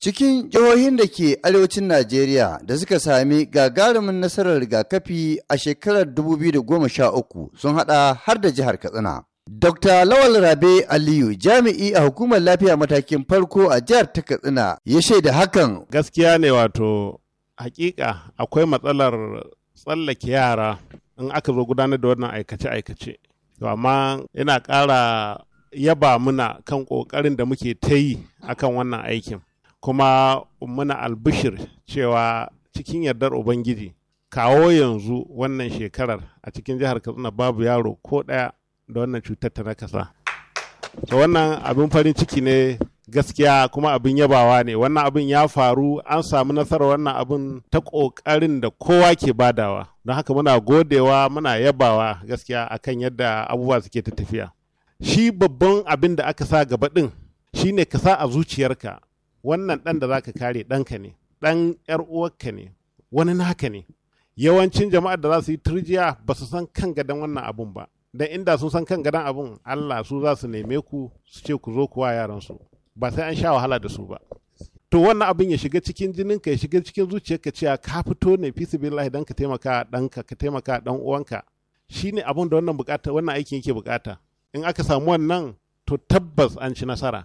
Cikin jihohin da ke arewacin Najeriya da suka sami gagarumin nasarar rigakafi a shekarar 2013 sun hada har da jihar Katsina. Dr. Lawal Rabe Aliyu jami'i a hukumar lafiya matakin farko a jihar ta Katsina ya shaida hakan. Gaskiya ne wato hakika akwai matsalar tsallake yara in aka zo gudanar da wannan aikace-aikace. amma yana ƙara yaba muna kan ƙoƙarin da muke ta yi akan wannan aikin. kuma muna albishir cewa cikin yardar ubangiji kawo yanzu wannan shekarar a cikin jihar katsina babu yaro ko ɗaya da wannan cutar ta nakasa to wannan abin farin ciki ne gaskiya kuma abin yabawa ne wannan abin ya faru an samu nasarar wannan abin ta ƙoƙarin da kowa ke badawa don haka muna godewa muna yabawa gaskiya akan yadda abubuwa suke ta tafiya shi babban abin da aka sa gaba ɗin shine ka sa a zuciyarka wannan ɗan da za ka kare ɗanka ne ɗan ‘yar uwarka ne wani naka ne yawancin jama'ar da za su yi turjiya ba su san kan gadon wannan abun ba dan inda sun san kan gadon abun Allah su za su neme ku su ce ku zo kuwa yaran su ba sai an sha wahala da su ba to wannan abin ya shiga cikin jinin ka ya shiga cikin zuciyarka cewa ka fito ne fi billahi dan ka taimaka ɗanka ka taimaka dan uwanka shine abin da wannan bukata wannan aikin yake bukata in aka samu wannan to tabbas an ci nasara